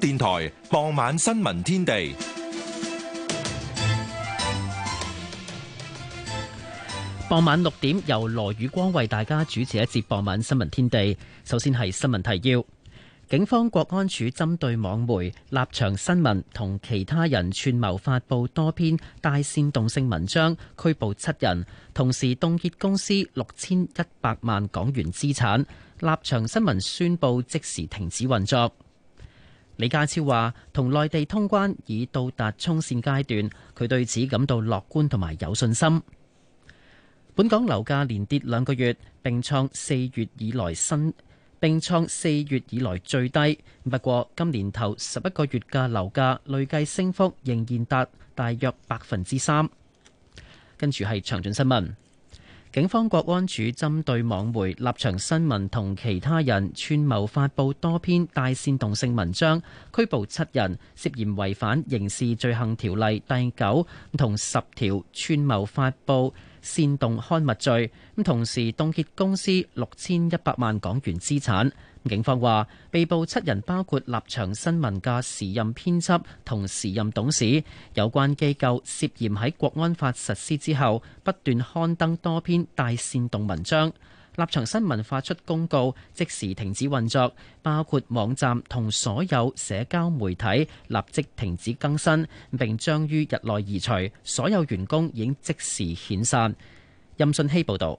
電台傍晚新聞天地，傍晚六點由羅宇光為大家主持一節傍晚新聞天地。首先係新聞提要：警方國安處針對網媒立場新聞同其他人串謀發布多篇帶煽動性文章，拘捕七人，同時凍結公司六千一百萬港元資產。立場新聞宣布即時停止運作。李家超話：同內地通關已到達衝線階段，佢對此感到樂觀同埋有信心。本港樓價連跌兩個月，並創四月以來新並創四月以來最低。不過，今年頭十一個月嘅樓價累計升幅仍然達大約百分之三。跟住係詳盡新聞。警方國安處針對網媒立場新聞同其他人串謀發佈多篇帶煽動性文章，拘捕七人涉嫌違反刑事罪行條例第九同十條串謀發佈煽動刊物罪，咁同時凍結公司六千一百萬港元資產。警方話，被捕七人包括立場新聞嘅時任編輯同時任董事。有關機構涉嫌喺國安法實施之後，不斷刊登多篇大煽動文章。立場新聞發出公告，即時停止運作，包括網站同所有社交媒體立即停止更新，並將於日內移除。所有員工已經即時遣散。任信希報導。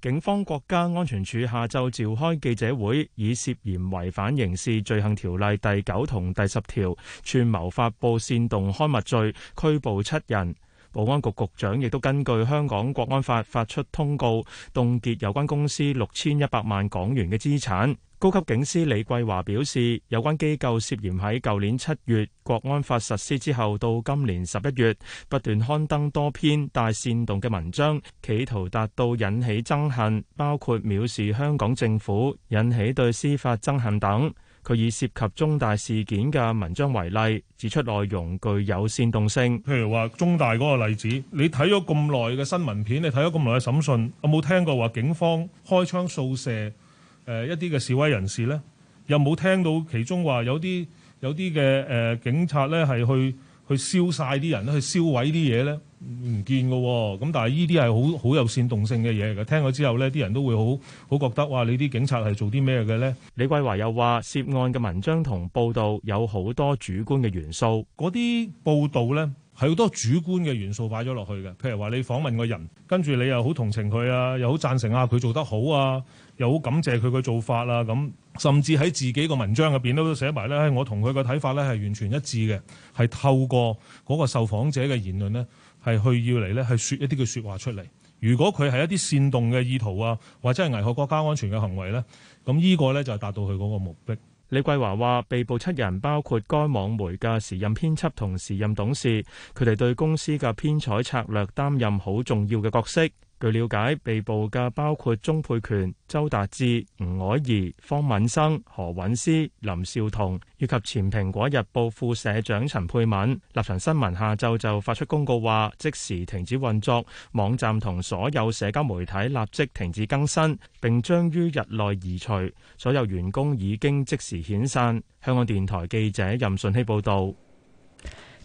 警方國家安全處下晝召開記者會，以涉嫌違反刑事罪行條例第九同第十條，串謀發布煽動刊物罪，拘捕七人。保安局局長亦都根據香港國安法發出通告，凍結有關公司六千一百萬港元嘅資產。高級警司李桂華表示，有關機構涉嫌喺舊年七月國安法實施之後，到今年十一月，不斷刊登多篇帶煽動嘅文章，企圖達到引起憎恨，包括藐視香港政府、引起對司法憎恨等。佢以涉及中大事件嘅文章為例，指出內容具有煽動性。譬如話中大嗰個例子，你睇咗咁耐嘅新聞片，你睇咗咁耐嘅審訊，有冇聽過話警方開槍掃射？誒、呃、一啲嘅示威人士呢，有冇聽到其中話有啲有啲嘅誒警察呢係去去燒晒啲人去燒毀啲嘢呢？唔見㗎喎、哦。咁但係呢啲係好好有煽動性嘅嘢嘅。聽咗之後呢，啲人都會好好覺得哇！你啲警察係做啲咩嘅呢？」李桂華又話：涉案嘅文章同報導有好多主觀嘅元素。嗰啲報導呢，係好多主觀嘅元素擺咗落去嘅。譬如話你訪問個人，跟住你又好同情佢啊，又好贊成啊佢做得好啊。又好感謝佢嘅做法啦，咁甚至喺自己個文章入邊都寫埋咧，我同佢嘅睇法咧係完全一致嘅，係透過嗰個受訪者嘅言論呢，係去要嚟呢係説一啲嘅説話出嚟。如果佢係一啲煽動嘅意圖啊，或者係危害國家安全嘅行為呢，咁呢個呢就係達到佢嗰個目的。李桂華話，被捕七人包括該網媒嘅時任編輯同時任董事，佢哋對公司嘅編採策略擔任好重要嘅角色。據了解，被捕嘅包括鍾佩權、周達志、吳凱儀、方敏生、何韻詩、林少彤以及前《蘋果日報》副社長陳佩敏。立場新聞下晝就發出公告，話即時停止運作。網站同所有社交媒體立即停止更新，並將於日內移除。所有員工已經即時遣散。香港電台記者任順希報道。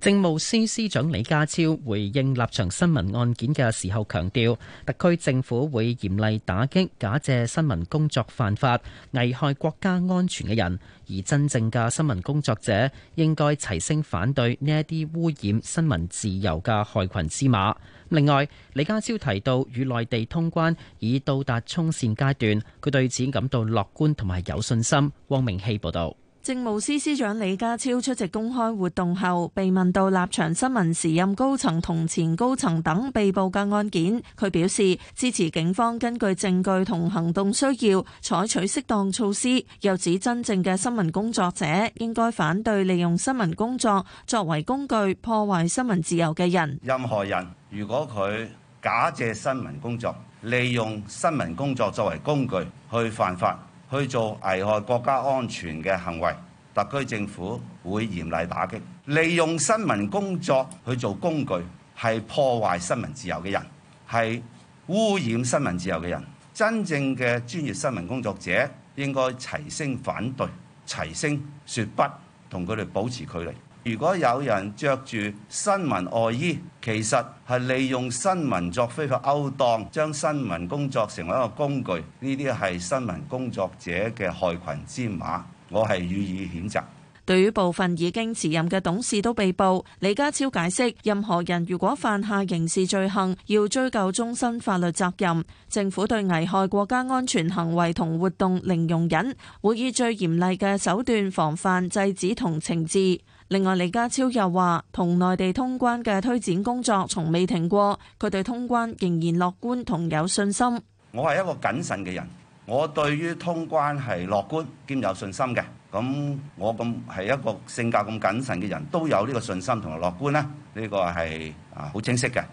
政務司司長李家超回應立場新聞案件嘅時候強調，特區政府會嚴厲打擊假借新聞工作犯法、危害國家安全嘅人，而真正嘅新聞工作者應該齊聲反對呢一啲污染新聞自由嘅害群之馬。另外，李家超提到與內地通關已到達衝線階段，佢對此感到樂觀同埋有信心。汪明希報道。政務司司長李家超出席公開活動後，被問到立場新聞時任高層同前高層等被捕嘅案件，佢表示支持警方根據證據同行動需要採取適當措施，又指真正嘅新聞工作者應該反對利用新聞工作作為工具破壞新聞自由嘅人。任何人如果佢假借新聞工作，利用新聞工作作為工具去犯法。去做危害國家安全嘅行為，特區政府會嚴厲打擊。利用新聞工作去做工具，係破壞新聞自由嘅人，係污染新聞自由嘅人。真正嘅專業新聞工作者應該齊聲反對，齊聲說不，同佢哋保持距離。如果有人着住新聞外衣，其實係利用新聞作非法勾當，將新聞工作成為一個工具，呢啲係新聞工作者嘅害群之馬，我係予以譴責。對於部分已經辭任嘅董事都被捕，李家超解釋：任何人如果犯下刑事罪行，要追究終身法律責任。政府對危害國家安全行為同活動零容忍，會以最嚴厲嘅手段防範、制止同懲治。另外，李家超又話：同內地通關嘅推展工作從未停過，佢對通關仍然樂觀同有信心。我係一個謹慎嘅人，我對於通關係樂觀兼有信心嘅。咁我咁係一個性格咁謹慎嘅人都有呢個信心同埋樂觀咧，呢個係啊好清晰嘅。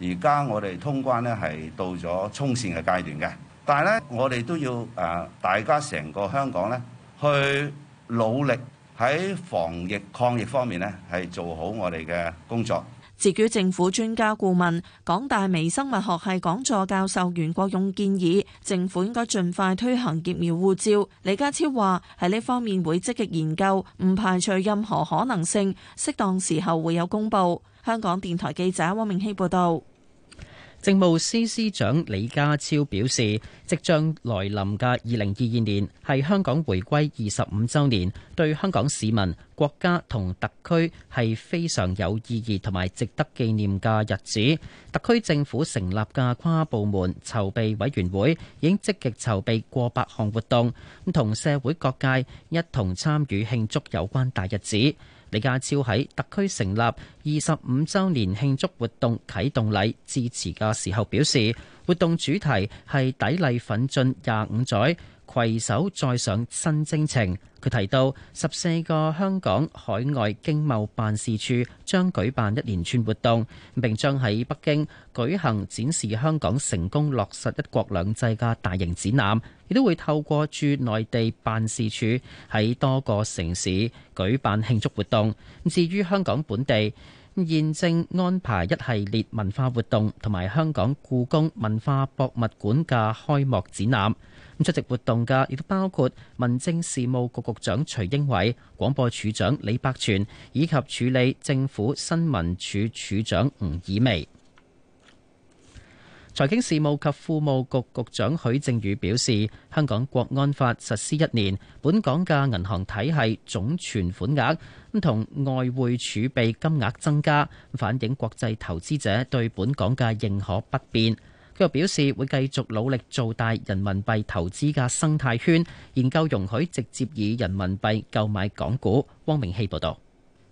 而家我哋通關咧係到咗衝線嘅階段嘅，但係咧我哋都要啊大家成個香港咧去努力。喺防疫抗疫方面呢係做好我哋嘅工作。至於政府專家顧問、港大微生物學系講座教授袁國勇建議，政府應該盡快推行疫苗護照。李家超話喺呢方面會積極研究，唔排除任何可能性，適當時候會有公佈。香港電台記者汪明熙報導。政務司司長李家超表示，即將來臨嘅二零二二年係香港回歸二十五週年，對香港市民、國家同特區係非常有意義同埋值得紀念嘅日子。特區政府成立嘅跨部門籌備委員會，已經積極籌備過百項活動，同社會各界一同參與慶祝有關大日子。李家超喺特區成立二十五週年慶祝活動啟動禮致辭嘅時候表示，活動主題係砥礪奮進廿五載，攜手再上新徵程。佢提到，十四個香港海外經貿辦事處將舉辦一連串活動，並將喺北京舉行展示香港成功落實一國兩制嘅大型展覽，亦都會透過駐內地辦事處喺多個城市舉辦慶祝活動。至於香港本地，現正安排一系列文化活動同埋香港故宮文化博物館嘅開幕展覽。出席活動嘅亦都包括民政事務局局長徐英偉、廣播處長李百全，以及處理政府新聞處處長吳以微。財經事務及庫務局局長許正宇表示，香港國安法實施一年，本港嘅銀行體系總存款額咁同外匯儲備金額增加，反映國際投資者對本港嘅認可不變。佢又表示會繼續努力做大人民幣投資嘅生態圈，研究容許直接以人民幣購買港股。汪明熙報道。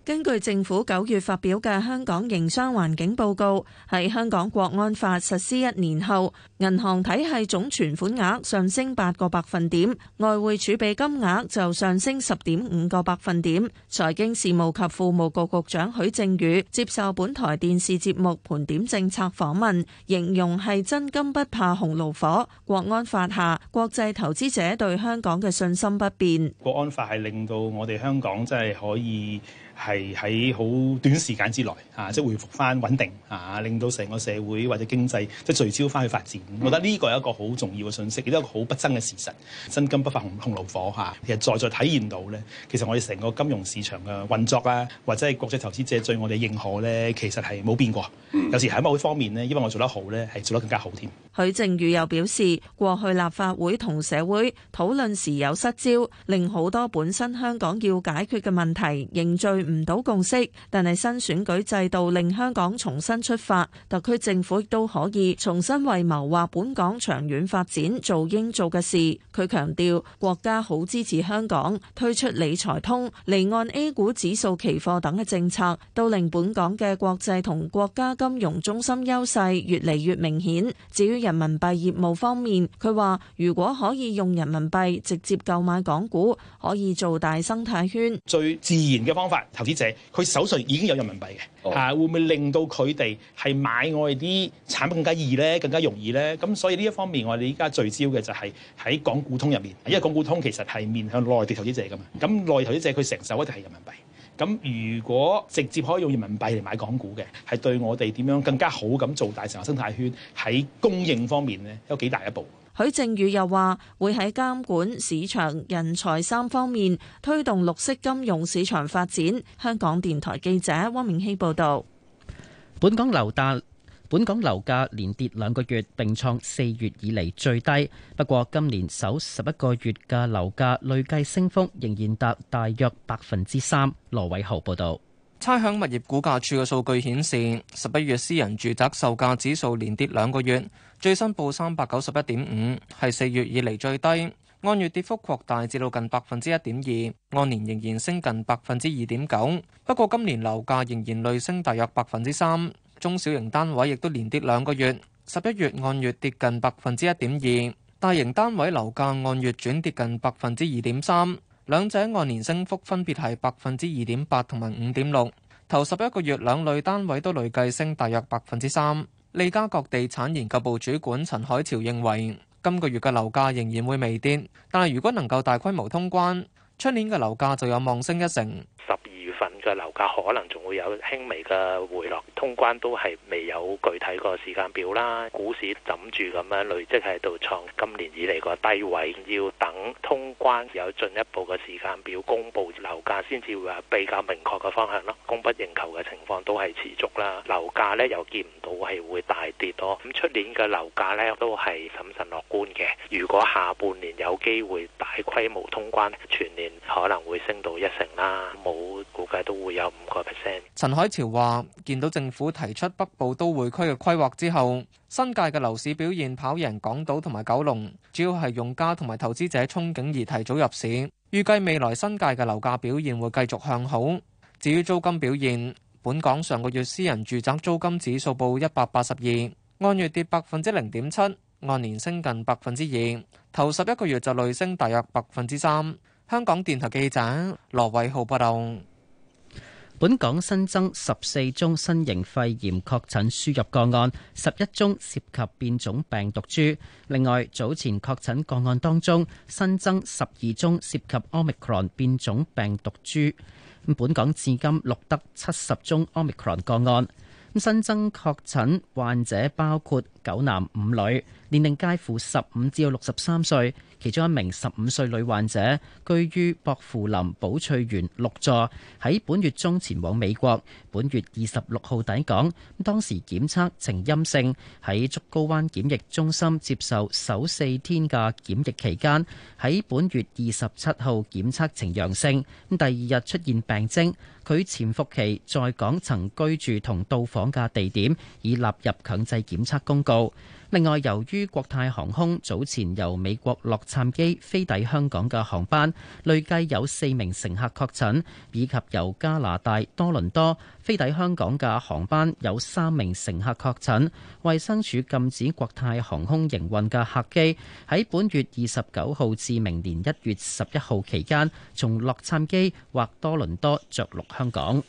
根據政府九月發表嘅《香港營商環境報告》，喺香港國安法實施一年後，銀行體系總存款額上升八個百分點，外匯儲備金額就上升十點五個百分點。財經事務及庫務局局長許正宇接受本台電視節目盤點政策訪問，形容係「真金不怕紅爐火」。國安法下，國際投資者對香港嘅信心不變。國安法係令到我哋香港真係可以，係喺好短時間之內啊，即係回復翻穩定啊，令到成個社會或者經濟即係聚焦翻去發展。嗯、我覺得呢個係一個好重要嘅信息，亦都係一個好不爭嘅事實。真金不怕紅紅爐火吓、啊，其實再再體現到咧，其實我哋成個金融市場嘅運作啊，或者係國際投資者對我哋認可咧，其實係冇變過。嗯、有時喺某一方面呢，因為我做得好咧，係做得更加好添。許正宇又表示，過去立法會同社會討論時有失焦，令好多本身香港要解決嘅問題凝罪。唔到共識，但係新選舉制度令香港重新出發，特區政府亦都可以重新為謀劃本港長遠發展做應做嘅事。佢強調，國家好支持香港推出理財通、離岸 A 股指數期貨等嘅政策，都令本港嘅國際同國家金融中心優勢越嚟越明顯。至於人民幣業務方面，佢話如果可以用人民幣直接購買港股，可以做大生態圈，最自然嘅方法。投資者佢手上已經有人民幣嘅，嚇、oh. 啊、會唔會令到佢哋係買我哋啲產品更加易呢？更加容易呢？咁所以呢一方面，我哋依家聚焦嘅就係喺港股通入面，因為港股通其實係面向內地投資者㗎嘛。咁內地投資者佢承受一定係人民幣。咁如果直接可以用人民幣嚟買港股嘅，係對我哋點樣更加好咁做大成個生態圈喺供應方面呢，有幾大一步？許正宇又話會喺監管、市場、人才三方面推動綠色金融市場發展。香港電台記者汪明希報導。本港樓價本港樓價連跌兩個月，並創四月以嚟最低。不過今年首十一個月嘅樓價累計升幅仍然達大約百分之三。羅偉豪報導。差餉物業估價處嘅數據顯示，十一月私人住宅售價指數連跌兩個月。最新報三百九十一點五，係四月以嚟最低，按月跌幅擴大至到近百分之一點二，按年仍然升近百分之二點九。不過今年樓價仍然累升大約百分之三，中小型單位亦都連跌兩個月，十一月按月跌近百分之一點二，大型單位樓價按月轉跌近百分之二點三，兩者按年升幅分別係百分之二點八同埋五點六。頭十一個月兩類單位都累計升大約百分之三。利嘉閣地產研究部主管陳海潮認為，今個月嘅樓價仍然會微跌，但係如果能夠大規模通關，出年嘅樓價就有望升一成。嘅樓價可能仲會有輕微嘅回落，通關都係未有具體個時間表啦。股市枕住咁樣累積喺度創今年以嚟個低位，要等通關有進一步嘅時間表公布，樓價先至會話比較明確嘅方向咯。供不應求嘅情況都係持續啦，樓價咧又見唔到係會大跌咯。咁出年嘅樓價咧都係審慎樂觀嘅。如果下半年有機會大規模通關，全年可能會升到一成啦。冇估計都會有五個 percent。陳海潮話：見到政府提出北部都會區嘅規劃之後，新界嘅樓市表現跑贏港島同埋九龍，主要係用家同埋投資者憧憬而提早入市。預計未來新界嘅樓價表現會繼續向好。至於租金表現，本港上個月私人住宅租金指數報一百八十二，按月跌百分之零點七，按年升近百分之二，頭十一個月就累升大約百分之三。香港電台記者羅偉浩報道。本港新增十四宗新型肺炎確診輸入個案，十一宗涉及變種病毒株。另外，早前確診個案當中新增十二宗涉及 Omicron 變種病毒株。本港至今錄得七十宗 Omicron 個案。新增確診患者包括九男五女，年齡介乎十五至六十三歲。其中一名十五歲女患者，居於薄扶林寶翠園六座，喺本月中前往美國，本月二十六號抵港，當時檢測呈陰性，喺竹篙灣檢疫中心接受首四天嘅檢疫期間，喺本月二十七號檢測呈陽性，第二日出現病徵。佢潛伏期在港曾居住同到訪嘅地點已納入強制檢測公告。另外，由於國泰航空早前由美國洛杉磯飛抵香港嘅航班，累計有四名乘客確診；以及由加拿大多倫多飛抵香港嘅航班，有三名乘客確診。衛生署禁止國泰航空營運嘅客機喺本月二十九號至明年一月十一號期間，從洛杉磯或多倫多着陸。香港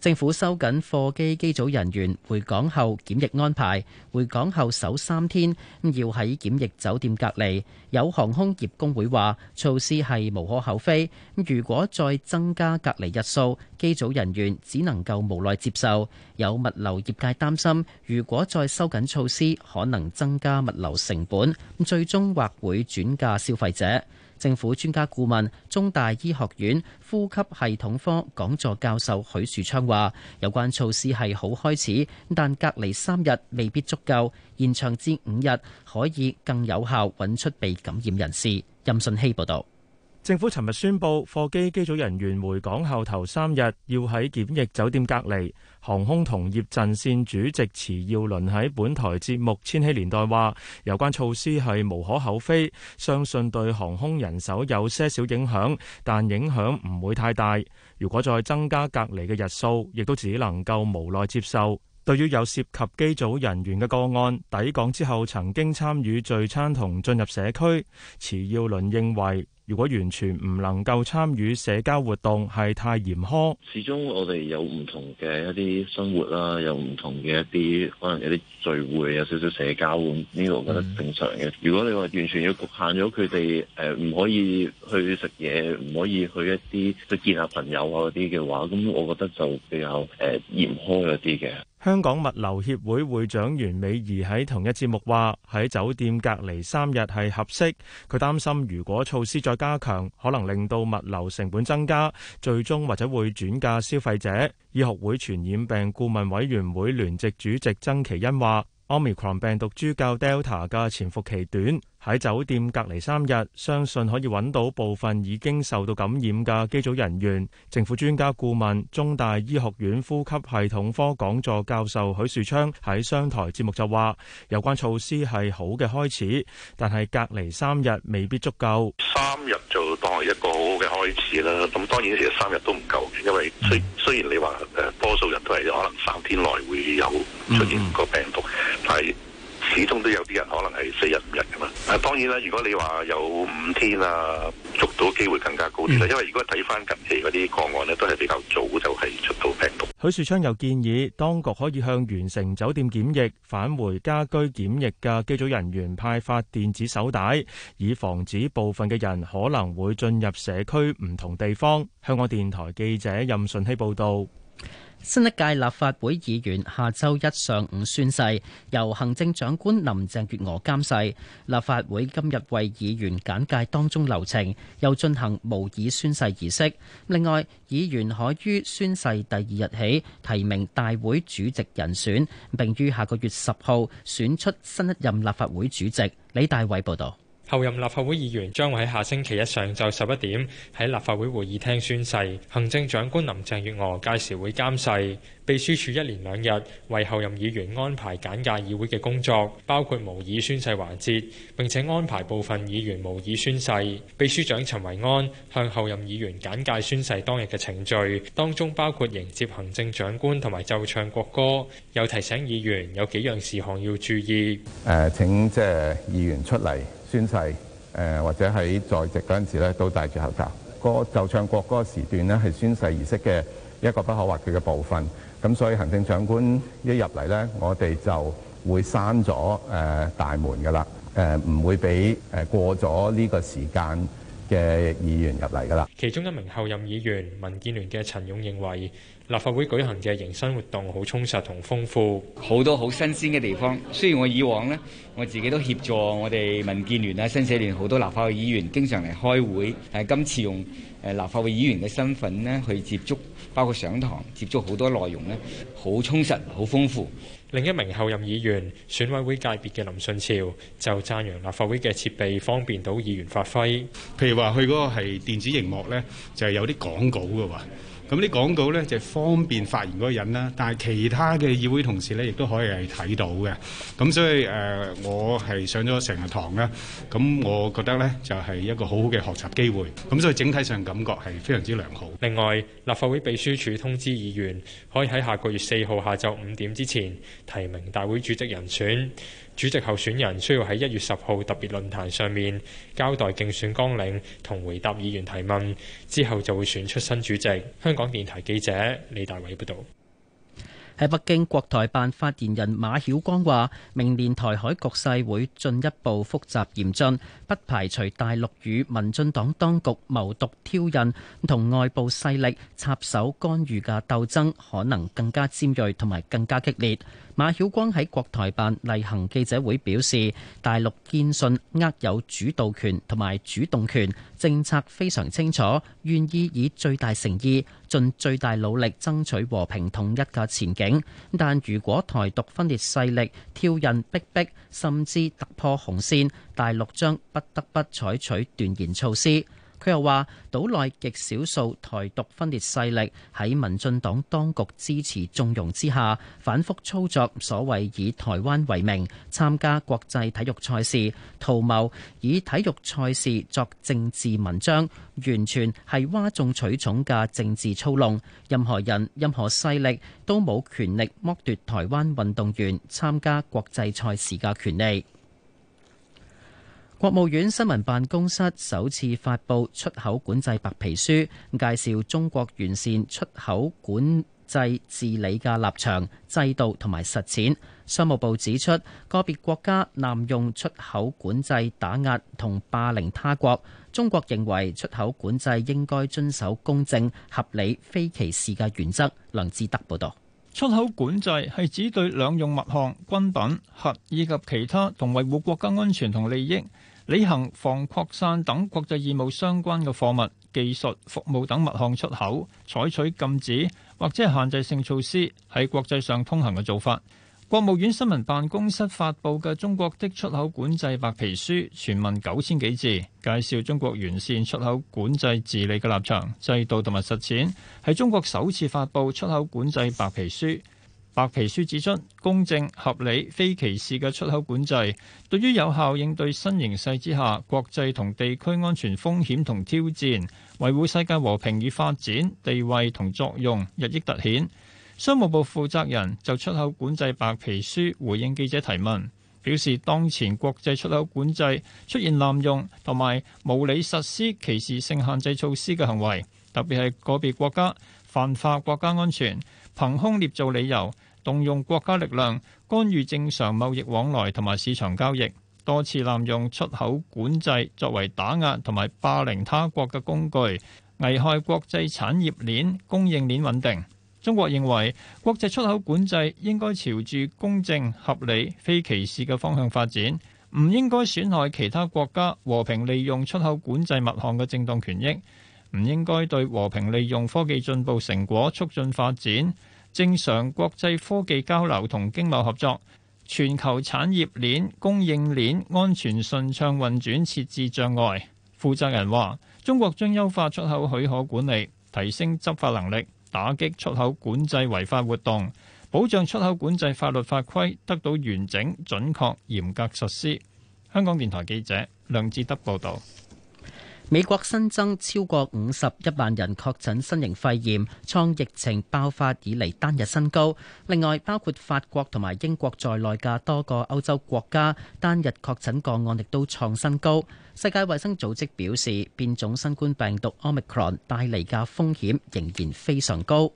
政府收緊貨機機組人員回港後檢疫安排，回港後首三天要喺檢疫酒店隔離。有航空業工會話，措施係無可厚非。如果再增加隔離日數，機組人員只能夠無奈接受。有物流業界擔心，如果再收緊措施，可能增加物流成本，最終或會轉嫁消費者。政府專家顧問、中大醫學院呼吸系統科講座教授許樹昌話：有關措施係好開始，但隔離三日未必足夠，延長至五日可以更有效揾出被感染人士。任信希報道。政府尋日宣布，貨機機組人員回港後頭三日要喺檢疫酒店隔離。航空同業陣線主席池耀倫喺本台節目《千禧年代》話：有關措施係無可厚非，相信對航空人手有些少影響，但影響唔會太大。如果再增加隔離嘅日數，亦都只能夠無奈接受。對於有涉及機組人員嘅個案抵港之後曾經參與聚餐同進入社區，馳耀倫認為，如果完全唔能夠參與社交活動係太嚴苛。始終我哋有唔同嘅一啲生活啦，有唔同嘅一啲可能有啲聚會有少少社交呢，這個我覺得正常嘅。如果你話完全要局限咗佢哋誒唔可以去食嘢，唔可以去一啲去見下朋友啊嗰啲嘅話，咁我覺得就比較誒嚴苛一啲嘅。香港物流協會會長袁美儀喺同一節目話，喺酒店隔離三日係合適，佢擔心如果措施再加強可能令到物流成本增加，最終或者會轉嫁消費者。醫學會傳染病顧問委員會聯席主席曾其欣話，Omicron 病毒株較 Delta 嘅潛伏期短。喺酒店隔離三日，相信可以揾到部分已經受到感染嘅機組人員。政府專家顧問、中大醫學院呼吸系統科講座教授許樹昌喺商台節目就話：有關措施係好嘅開始，但係隔離三日未必足夠。三日就當係一個好嘅開始啦。咁當然其實三日都唔夠，因為雖、雖然你話誒多數人都係可能三天內會有出現個病毒，但係始終都有啲人可能係四日五日㗎嘛，當然啦，如果你話有五天啊，捉到機會更加高啲啦，因為如果睇翻近期嗰啲個案呢，都係比較早就係出到病毒。許樹昌又建議，當局可以向完成酒店檢疫返回家居檢疫嘅機組人員派發電子手帶，以防止部分嘅人可能會進入社區唔同地方。香港電台記者任順希報導。新一屆立法會議員下周一上午宣誓，由行政長官林鄭月娥監誓。立法會今日為議員簡介當中流程，又進行模擬宣誓儀式。另外，議員可於宣誓第二日起提名大會主席人選，並於下個月十號選出新一任立法會主席。李大偉報道。後任立法會議員將會喺下星期一上晝十一點喺立法會會議廳宣誓，行政長官林鄭月娥屆時會監誓。秘書處一連兩日為後任議員安排簡介議會嘅工作，包括模擬宣誓環節，並且安排部分議員模擬宣誓。秘書長陳維安向後任議員簡介宣誓當日嘅程序，當中包括迎接行政長官同埋奏唱國歌，又提醒議員有幾樣事項要注意。誒、呃，請即係議員出嚟。宣誓，誒、呃、或者喺在席嗰陣時咧，都戴住口罩。嗰就唱國歌時段咧，係宣誓儀式嘅一個不可或缺嘅部分。咁所以行政長官一入嚟咧，我哋就會閂咗誒大門噶啦，誒、呃、唔會俾誒過咗呢個時間嘅議員入嚟噶啦。其中一名候任議員，民建聯嘅陳勇認為。立法會舉行嘅迎新活動好充實同豐富，好多好新鮮嘅地方。雖然我以往咧，我自己都協助我哋民建聯啊、新社聯好多立法會議員經常嚟開會，但係今次用誒立法會議員嘅身份咧去接觸，包括上堂接觸好多內容咧，好充實、好豐富。另一名候任議員選委會界別嘅林順潮就讚揚立法會嘅設備方便到議員發揮，譬如話佢嗰個係電子熒幕呢就係有啲廣告嘅喎。咁啲廣告呢，就係方便發言嗰個人啦，但係其他嘅議會同事呢，亦都可以係睇到嘅。咁所以誒、呃，我係上咗成日堂啦。咁我覺得呢，就係一個好好嘅學習機會。咁所以整體上感覺係非常之良好。另外，立法會秘書處通知議員，可以喺下個月四號下晝五點之前提名大會主席人選。主席候選人需要喺一月十號特別論壇上面交代競選綱領同回答議員提問，之後就會選出新主席。香港電台記者李大偉報道，喺北京，國台辦發言人馬曉光話，明年台海局勢會進一步複雜嚴峻，不排除大陸與民進黨當局謀獨挑釁同外部勢力插手干預嘅鬥爭，可能更加尖銳同埋更加激烈。馬曉光喺國台辦例行記者會表示，大陸堅信握有主導權同埋主動權，政策非常清楚，願意以最大誠意、盡最大努力爭取和平統一嘅前景。但如果台獨分裂勢力挑釁逼迫，甚至突破紅線，大陸將不得不採取斷然措施。佢又話：島內極少數台獨分裂勢力喺民進黨當局支持縱容之下，反覆操作所謂以台灣為名參加國際體育賽事，圖謀以體育賽事作政治文章，完全係嘩眾取寵嘅政治操弄。任何人、任何勢力都冇權力剝奪台灣運動員參加國際賽事嘅權利。國務院新聞辦公室首次發布出口管制白皮書，介紹中國完善出口管制治理嘅立場、制度同埋實踐。商務部指出，個別國家濫用出口管制打壓同霸凌他國，中國認為出口管制應該遵守公正、合理、非歧視嘅原則。梁志德報導，出口管制係指對兩用物項、軍品、核以及其他同維護國家安全同利益。履行防擴散等國際義務相關嘅貨物、技術、服務等物項出口，採取禁止或者係限制性措施，係國際上通行嘅做法。國務院新聞辦公室發布嘅《中國的出口管制白皮書》，全文九千幾字，介紹中國完善出口管制治理嘅立場、制度同埋實踐，係中國首次發布出口管制白皮書。白皮書指出，公正合理、非歧視嘅出口管制，對於有效應對新形勢之下國際同地區安全風險同挑戰，維護世界和平與發展地位同作用日益突顯。商務部負責人就出口管制白皮書回應記者提問，表示當前國際出口管制出現濫用同埋無理實施歧視性限制措施嘅行為，特別係個別國家泛化國家安全。憑空捏造理由，動用國家力量干預正常貿易往來同埋市場交易，多次濫用出口管制作為打壓同埋霸凌他國嘅工具，危害國際產業鏈、供應鏈穩定。中國認為，國際出口管制應該朝住公正、合理、非歧視嘅方向發展，唔應該損害其他國家和平利用出口管制物項嘅正當權益。唔應該對和平利用科技進步成果促進發展、正常國際科技交流同經貿合作、全球產業鏈、供應鏈安全順暢運轉設置障礙。負責人話：中國將優化出口許可管理，提升執法能力，打擊出口管制違法活動，保障出口管制法律法規得到完整、準確、嚴格實施。香港電台記者梁志德報道。美國新增超過五十一萬人確診新型肺炎，創疫情爆發以嚟單日新高。另外，包括法國同埋英國在內嘅多個歐洲國家單日確診個案亦都創新高。世界衛生組織表示，變種新冠病毒 Omicron 帶嚟嘅風險仍然非常高。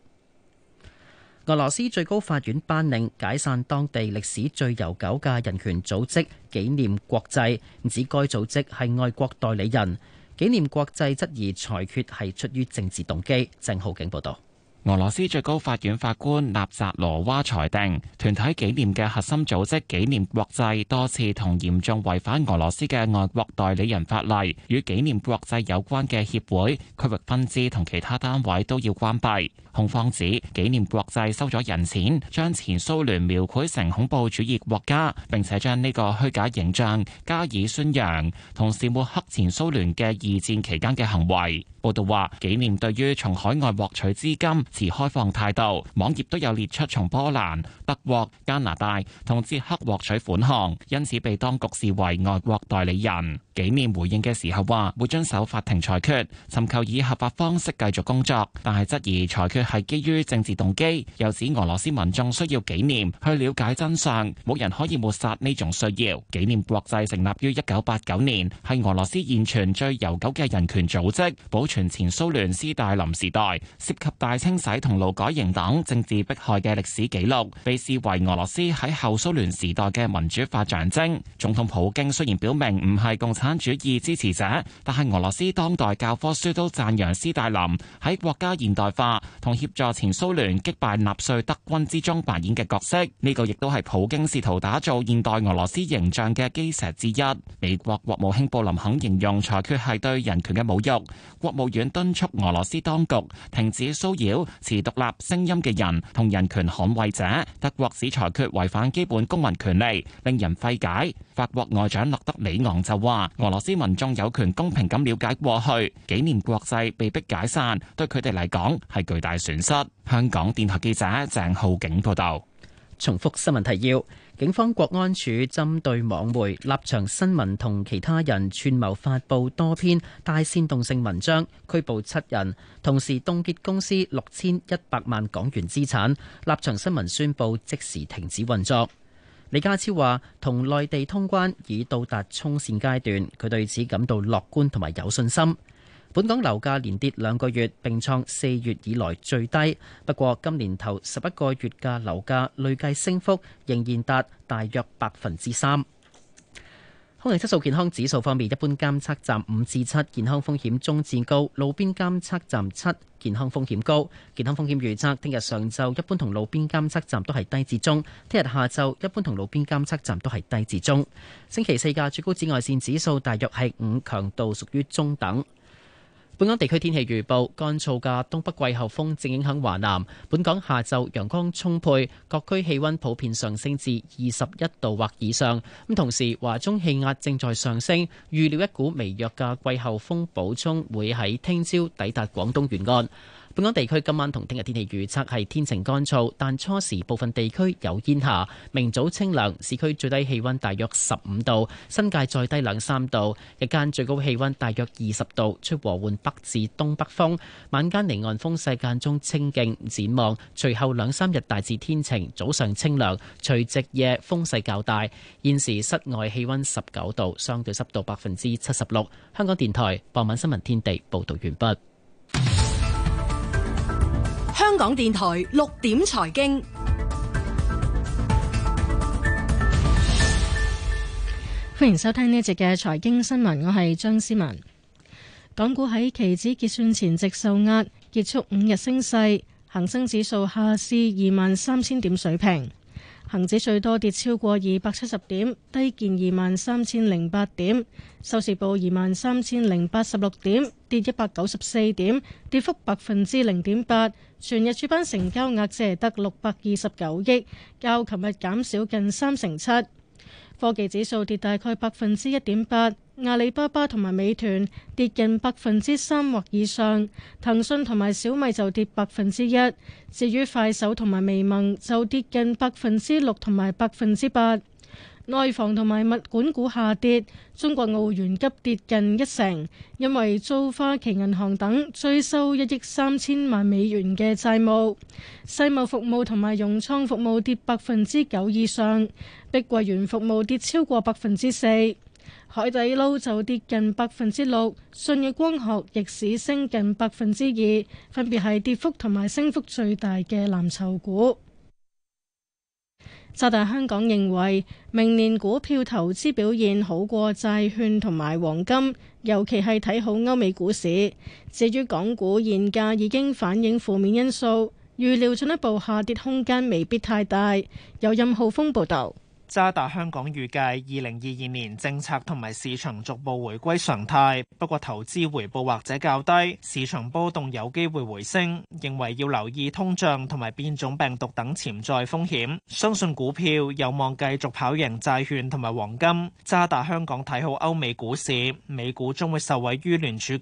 俄羅斯最高法院頒令解散當地歷史最悠久嘅人權組織紀念國際，指該組織係外國代理人。紀念國際質疑裁決係出於政治動機，鄭浩景報道。俄羅斯最高法院法官納扎羅娃裁定，團體紀念嘅核心組織紀念國際多次同嚴重違反俄羅斯嘅外國代理人法例，與紀念國際有關嘅協會、區域分支同其他單位都要關閉。控方指紀念國際收咗人錢，將前蘇聯描繪成恐怖主義國家，並且將呢個虛假形象加以宣揚，同時抹黑前蘇聯嘅二戰期間嘅行為。報道話，紀念對於從海外獲取資金持開放態度，網頁都有列出從波蘭、德國、加拿大同捷克獲取款項，因此被當局視為外國代理人。紀念回應嘅時候話，會遵守法庭裁決，尋求以合法方式繼續工作，但係質疑裁決係基於政治動機。又指俄羅斯民眾需要紀念去了解真相，冇人可以抹殺呢種需要。紀念國際成立於一九八九年，係俄羅斯現存最悠久嘅人權組織，保存。前蘇聯斯大林時代涉及大清洗同勞改營等政治迫害嘅歷史記錄，被視為俄羅斯喺後蘇聯時代嘅民主化象徵。總統普京雖然表明唔係共產主義支持者，但係俄羅斯當代教科書都讚揚斯大林喺國家現代化同協助前蘇聯擊敗納粹德軍之中扮演嘅角色。呢個亦都係普京試圖打造現代俄羅斯形象嘅基石之一。美國國務卿布林肯形容裁決係對人權嘅侮辱。國國務院敦促俄羅斯當局停止騷擾持獨立聲音嘅人同人權捍衛者。德國史裁決違反基本公民權利，令人費解。法國外長勒德里昂就話：俄羅斯民眾有權公平咁了解過去幾年國際被逼解散，對佢哋嚟講係巨大損失。香港電台記者鄭浩景報道。重複新聞提要。警方國安處針對網媒立場新聞同其他人串謀發布多篇帶煽動性文章，拘捕七人，同時凍結公司六千一百萬港元資產。立場新聞宣布即時停止運作。李家超話，同內地通關已到達衝線階段，佢對此感到樂觀同埋有信心。本港樓價連跌兩個月，並創四月以來最低。不過今年頭十一個月嘅樓價累計升幅仍然達大約百分之三。空氣質素健康指數方面，一般監測站五至七，健康風險中至高；路邊監測站七，健康風險高。健康風險預測：聽日上晝一般同路邊監測站都係低至中；聽日下晝一般同路邊監測站都係低至中。星期四嘅最高紫外線指數大約係五，強度屬於中等。本港地區天氣預報：乾燥嘅東北季候風正影響華南，本港下晝陽光充沛，各區氣温普遍上升至二十一度或以上。咁同時，華中氣壓正在上升，預料一股微弱嘅季候風補充會喺聽朝抵達廣東沿岸。本港地區今晚同聽日天氣預測係天晴乾燥，但初時部分地區有煙霞。明早清涼，市區最低氣温大約十五度，新界再低兩三度。日間最高氣温大約二十度，出和緩北至東北風。晚間離岸風勢間中清勁，展望隨後兩三日大致天晴，早上清涼，除夕夜風勢較大。現時室外氣温十九度，相對濕度百分之七十六。香港電台傍晚新聞天地報道完畢。香港電台六點財經，歡迎收聽呢一節嘅財經新聞，我係張思文。港股喺期指結算前夕受壓，結束五日升勢，恒生指數下試二萬三千點水平。恒指最多跌超過二百七十點，低見二萬三千零八點，收市報二萬三千零八十六點，跌一百九十四點，跌幅百分之零點八。全日主板成交額只係得六百二十九億，較琴日減少近三成七。科技指數跌大概百分之一點八，阿里巴巴同埋美團跌近百分之三或以上，騰訊同埋小米就跌百分之一，至於快手同埋微盟就跌近百分之六同埋百分之八。內房同埋物管股下跌，中國奧園，急跌近一成，因為遭花旗銀行等追收一億三千萬美元嘅債務。世貿服務同埋融創服務跌百分之九以上，碧桂園服務跌超過百分之四，海底撈就跌近百分之六，舜宇光學逆市升近百分之二，分別係跌幅同埋升幅最大嘅藍籌股。渣打香港認為明年股票投資表現好過債券同埋黃金，尤其係睇好歐美股市。至於港股現價已經反映負面因素，預料進一步下跌空間未必太大。由任浩峰報導。渣打香港預計二零二二年政策同埋市場逐步回歸常態，不過投資回報或者較低，市場波動有機會回升。認為要留意通脹同埋變種病毒等潛在風險，相信股票有望繼續跑贏債券同埋黃金。渣打香港睇好歐美股市，美股將會受惠於聯儲局，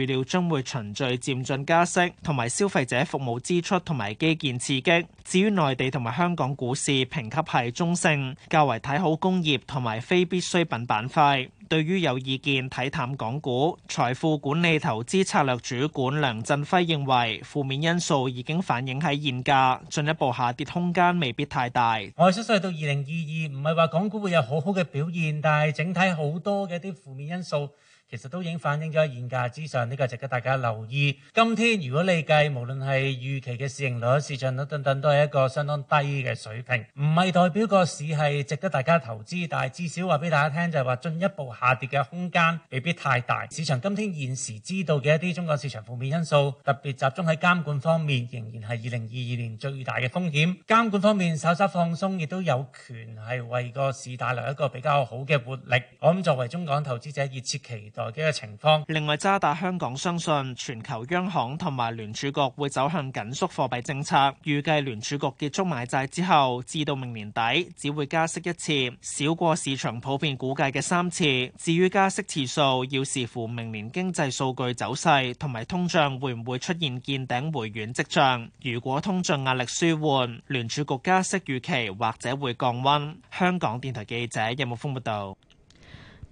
預料將會循序漸進加息，同埋消費者服務支出同埋基建刺激。至於內地同埋香港股市評級係中性，較為睇好工業同埋非必需品板塊。對於有意見睇淡港股，財富管理投資策略主管梁振輝認為，負面因素已經反映喺現價，進一步下跌空間未必太大。我係相信到二零二二，唔係話港股會有好好嘅表現，但係整體好多嘅一啲負面因素，其實都已經反映咗現價之上，呢個值得大家留意。今天如果你計，無論係預期嘅市盈率、市場率等等，都係一個相當低嘅水平，唔係代表個市係值得大家投資，但係至少話俾大家聽就係話進一步下跌嘅空間未必太大。市場今天現時知道嘅一啲中國市場負面因素，特別集中喺監管方面，仍然係二零二二年最大嘅風險。監管方面稍稍放鬆，亦都有權係為個市帶來一個比較好嘅活力。我諗作為中港投資者熱切期。就呢個情況，另外渣打香港相信全球央行同埋聯儲局會走向緊縮貨幣政策，預計聯儲局結束買債之後，至到明年底只會加息一次，少過市場普遍估計嘅三次。至於加息次數，要視乎明年經濟數據走勢同埋通脹會唔會出現見頂回軟跡象。如果通脹壓力舒緩，聯儲局加息預期或者會降溫。香港電台記者任木峯報道。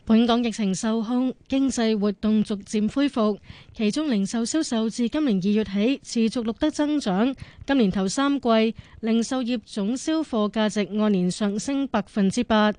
本港疫情受控，經濟活動逐漸恢復，其中零售銷售自今年二月起持續錄得增長。今年頭三季零售業總銷貨價值按年上升百分之八。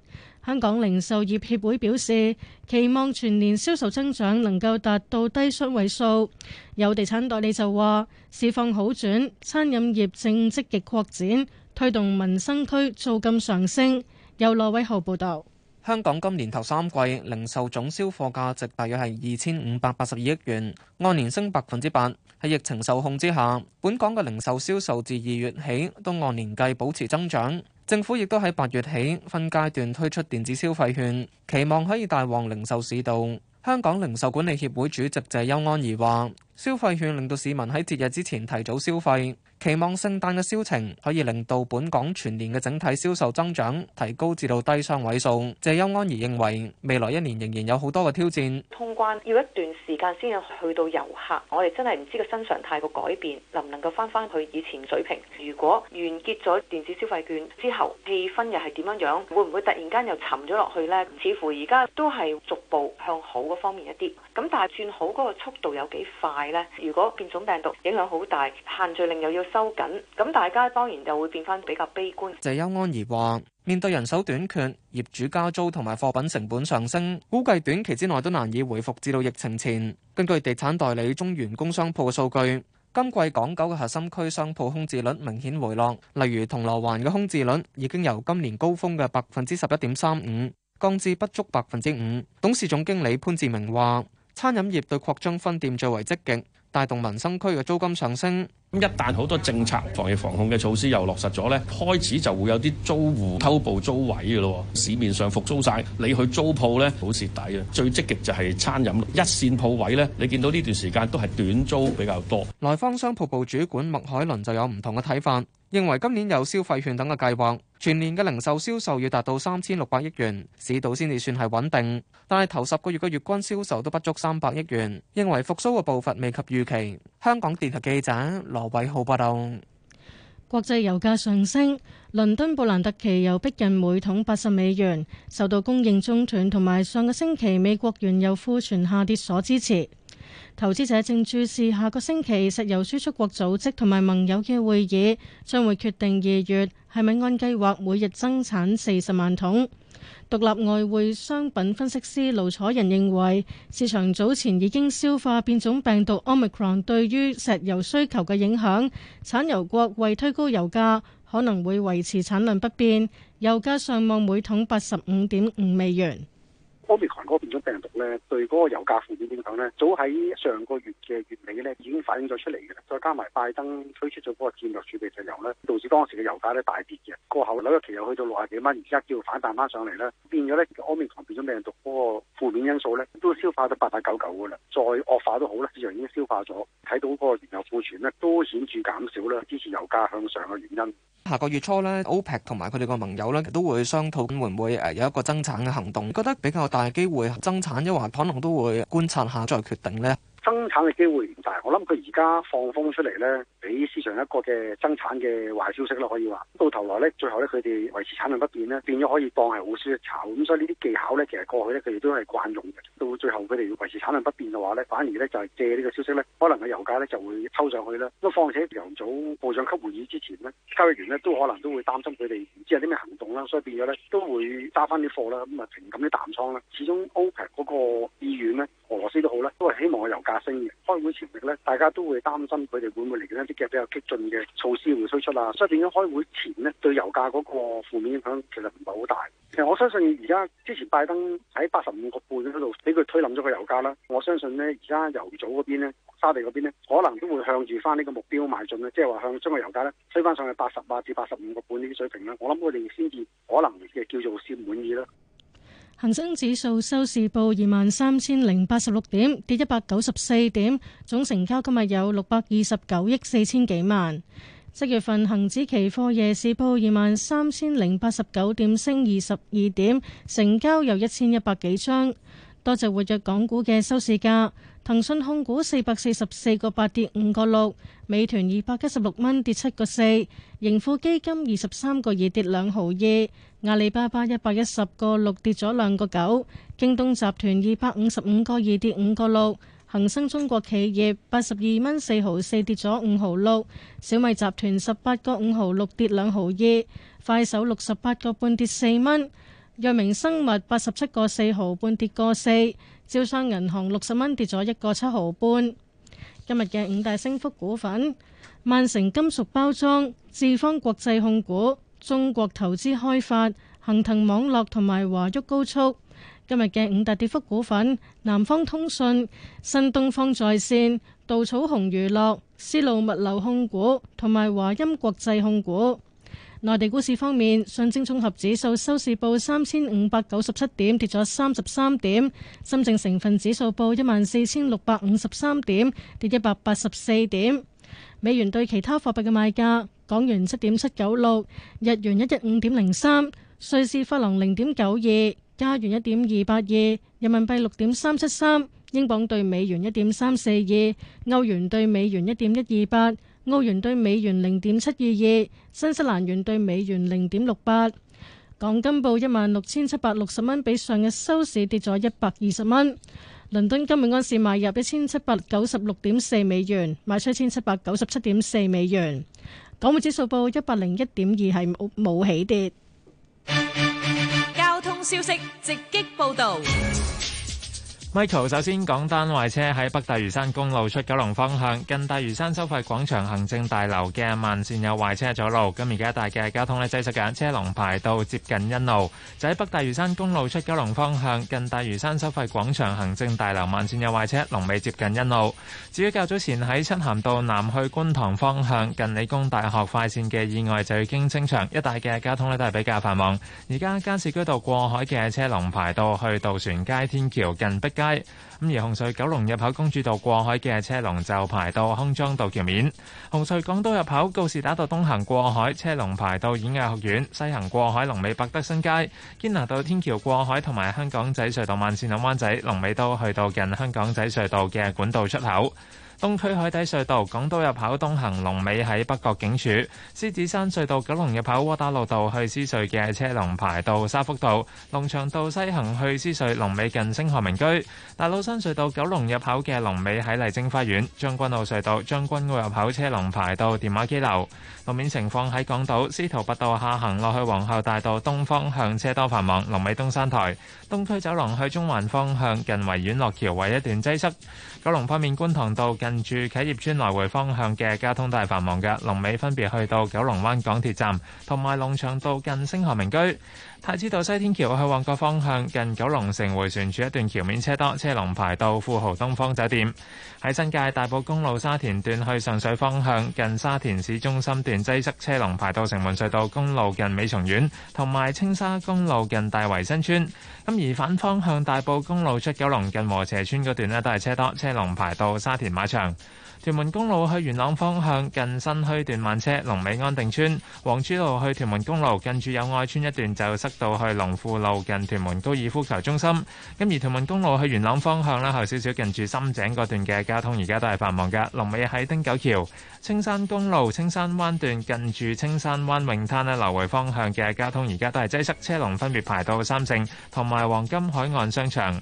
香港零售業協會表示，期望全年銷售增長能夠達到低雙位數。有地產代理就話市況好轉，餐飲業正積極擴展，推動民生區租金上升。由羅偉豪報導。香港今年頭三季零售總銷貨價值大約係二千五百八十二億元，按年升百分之八。喺疫情受控之下，本港嘅零售銷售自二月起都按年計保持增長。政府亦都喺八月起分階段推出電子消費券，期望可以帶旺零售市道。香港零售管理協會主席謝邱安怡話，消費券令到市民喺節日之前提早消費。期望聖誕嘅銷情可以令到本港全年嘅整體銷售增長提高至到低雙位數。謝邱安儀認為，未來一年仍然有好多嘅挑戰。通關要一段時間先至去到遊客，我哋真係唔知個新常態個改變能唔能夠返返去以前水平。如果完結咗電子消費券之後，氣氛又係點樣樣，會唔會突然間又沉咗落去呢？似乎而家都係逐步向好嗰方面一啲。咁但係轉好嗰個速度有幾快呢？如果變種病毒影響好大，限聚令又要～收緊咁，大家當然就會變翻比較悲觀。謝邱安儀話：面對人手短缺、業主加租同埋貨品成本上升，估計短期之內都難以回復至到疫情前。根據地產代理中原工商鋪嘅數據，今季港九嘅核心區商鋪空置率明顯回落，例如銅鑼灣嘅空置率已經由今年高峰嘅百分之十一點三五降至不足百分之五。董事總經理潘志明話：餐飲業對擴張分店最為積極，帶動民生區嘅租金上升。咁一旦好多政策防疫防控嘅措施又落實咗咧，開始就會有啲租戶偷步租位嘅咯。市面上復甦晒，你去租鋪咧好蝕底啊！最積極就係餐飲一線鋪位咧，你見到呢段時間都係短租比較多。來方商鋪部主管麥海倫就有唔同嘅睇法，認為今年有消費券等嘅計劃，全年嘅零售銷售要達到三千六百億元，市道先至算係穩定，但係頭十個月嘅月均銷售都不足三百億元，認為復甦嘅步伐未及預期。香港電台記者羅偉浩報道：國際油價上升，倫敦布蘭特期油逼近每桶八十美元，受到供應中斷同埋上個星期美國原油庫存下跌所支持。投資者正注視下個星期石油輸出國組織同埋盟友嘅會議，將會決定二月係咪按計劃每日增產四十萬桶。獨立外匯商品分析師盧楚仁認為，市場早前已經消化變種病毒 Omicron 對於石油需求嘅影響，產油國為推高油價可能會維持產量不變，油價上望每桶八十五點五美元。奧密克戎嗰變種病毒咧，對嗰個油價負面影響咧，早喺上個月嘅月尾咧已經反映咗出嚟嘅啦。再加埋拜登推出咗嗰個戰略儲備石油咧，導致當時嘅油價咧大跌嘅。個後尾一期又去到六十幾蚊，而家叫反彈翻上嚟咧，變咗咧奧密克戎變種病毒嗰個負面因素咧都消化得八八九九嘅啦。再惡化都好啦，市場已經消化咗。睇到嗰個原油庫存咧都顯著減少啦，支持油價向上嘅原因。下個月初咧，OPEC 同埋佢哋個盟友咧都會商討會唔會誒有一個增產嘅行動，覺得比較。大機會增產一環，可能都會觀察下再決定呢。增產嘅機會唔大，我諗佢而家放風出嚟呢，俾市場一個嘅增產嘅壞消息咯，可以話。到頭來呢，最後呢，佢哋維持產量不變呢，變咗可以當係好消息炒。咁、嗯、所以呢啲技巧呢，其實過去呢，佢哋都係慣用嘅。到最後佢哋要維持產量不變嘅話呢，反而呢，就係、是、借呢個消息呢，可能個油價呢就會抽上去啦。咁況且油組部長級會議之前呢，交易員呢都可能都會擔心佢哋唔知有啲咩行動啦，所以變咗呢，都會揸翻啲貨啦，咁啊，填滿啲淡倉啦。始終 OPEC 嗰個意願咧，俄羅斯都好啦，都係希望個油價上升嘅，開會前日咧，大家都會擔心佢哋會唔會嚟緊一啲嘅比較激進嘅措施會推出啊，所以變咗開會前呢，對油價嗰個負面影響其實唔係好大。其實我相信而家之前拜登喺八十五個半嗰度，俾佢推冧咗個油價啦。我相信呢，而家油組嗰邊咧，沙地嗰邊咧，可能都會向住翻呢個目標邁進啦，即係話向將個油價咧推翻上去八十八至八十五個半呢啲水平啦。我諗佢哋先至可能嘅叫做先滿意啦。恒生指數收市報二萬三千零八十六點，跌一百九十四點，總成交今日有六百二十九億四千幾萬。七月份恒指期貨夜市報二萬三千零八十九點，升二十二點，成交有一千一百幾張。多謝活躍港股嘅收市價。騰訊控股四百四十四個八跌五個六，美團二百一十六蚊跌七個四，盈富基金二十三個二跌兩毫二，阿里巴巴一百一十個六跌咗兩個九，京東集團二百五十五個二跌五個六，恒生中國企業八十二蚊四毫四跌咗五毫六，小米集團十八個五毫六跌兩毫二，快手六十八個半跌四蚊，藥明生物八十七個四毫半跌個四。招商銀行六十蚊跌咗一個七毫半。今日嘅五大升幅股份：萬成金屬包裝、智方國際控股、中國投資開發、恒騰網絡同埋華旭高速。今日嘅五大跌幅股份：南方通訊、新東方在線、稻草熊娛樂、絲路物流控股同埋華鑫國際控股。內地股市方面，上證綜合指數收市報三千五百九十七點，跌咗三十三點；深證成份指數報一萬四千六百五十三點，跌一百八十四點。美元對其他貨幣嘅賣價：港元七點七九六，日元一一五點零三，瑞士法郎零點九二，加元一點二八二，人民幣六點三七三，英鎊兌美元一點三四二，歐元兌美元一點一二八。澳元兌美元零點七二二，新西蘭元兌美元零點六八，港金報一萬六千七百六十蚊，比上日收市跌咗一百二十蚊。倫敦金每盎司買入一千七百九十六點四美元，賣出一千七百九十七點四美元。港匯指數報一百零一點二，係冇起跌。交通消息直擊報道。Michael 首先講單壞車喺北大嶼山公路出九龍方向，近大嶼山收費廣場行政大樓嘅慢線有壞車阻路。咁而家一帶嘅交通咧擠塞緊，車龍排到接近一路。就喺北大嶼山公路出九龍方向，近大嶼山收費廣場行政大樓慢線有壞車，龍尾接近一路。至於較早前喺漆咸道南去觀塘方向，近理工大學快線嘅意外就已經清，清場，一帶嘅交通呢，都係比較繁忙。而家加士居道過海嘅車龍排到去渡船街天橋近碧街。咁而紅隧九龍入口公主道過海嘅車龍就排到康莊道橋面，紅隧港島入口告士打道東行過海車龍排到演藝學院，西行過海龍尾百德新街堅拿道天橋過海同埋香港仔隧道慢線響灣仔龍尾都去到近香港仔隧道嘅管道出口。東區海底隧道港島入口東行，龍尾喺北角警署；獅子山隧道九龍入口，窩打老道去獅隧嘅車龍排到沙福道；龍翔道西行去獅隧，龍尾近星河明居；大老山隧道九龍入口嘅龍尾喺麗晶花園；將軍澳隧道將軍澳入口車龍排到電話機樓。路面情況喺港島司徒拔道下行落去皇后大道東方向車多繁忙，龍尾東山台；東區走廊去中環方向近維園落橋位一段擠塞。九龍方面，觀塘道。近住啟業村來回方向嘅交通大繁忙嘅龍尾，分別去到九龍灣港鐵站同埋龍翔道近星河明居。太子道西天橋去旺角方向，近九龍城迴旋處一段橋面車多，車龍排到富豪東方酒店。喺新界大埔公路沙田段去上水方向，近沙田市中心段擠塞，車龍排到城門隧道公路近美松苑，同埋青沙公路近大圍新村。咁而反方向大埔公路出九龍近禾輋村嗰段呢，都係車多，車龍排到沙田馬場。屯門公路去元朗方向近新墟段慢車，龍尾安定村；皇珠路去屯門公路近住友愛村一段就塞到去龍富路近屯門高爾夫球中心。咁而屯門公路去元朗方向咧，後少少近住深井嗰段嘅交通而家都係繁忙嘅，龍尾喺汀九橋。青山公路青山灣段近住青山灣泳灘呢，流圍方向嘅交通而家都係擠塞，車龍分別排到三聖同埋黃金海岸商場。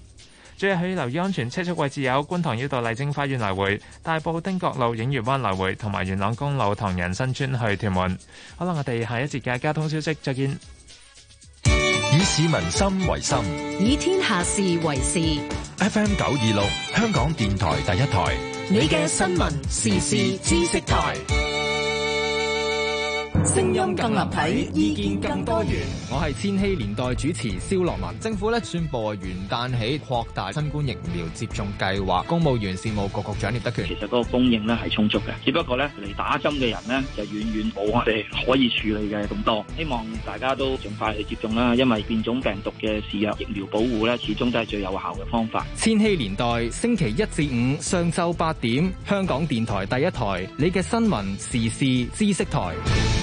最後注意，可以留意安全車速位置有觀塘繞道麗晶花園來回、大埔汀角路映月灣來回，同埋元朗公路唐人新村去屯門。好啦，我哋下一節嘅交通消息再見。以市民心為心，以天下事為事。F M 九二六，香港電台第一台，你嘅新聞時事知識台。聲音更立體，意見更多元。我係千禧年代主持蕭樂文。政府咧宣布元旦起擴大新冠疫苗接種計劃。公務員事務局局長聶德權：其實嗰個供應咧係充足嘅，只不過呢嚟,打針嘅人呢，就遠遠冇我哋可以處理嘅咁多。希望大家都盡快去接種啦，因為變種病毒嘅肆虐，疫苗保護呢，始終都係最有效嘅方法。千禧年代星期一至五上晝八點，香港電台第一台，你嘅新聞時事知識台。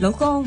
老公。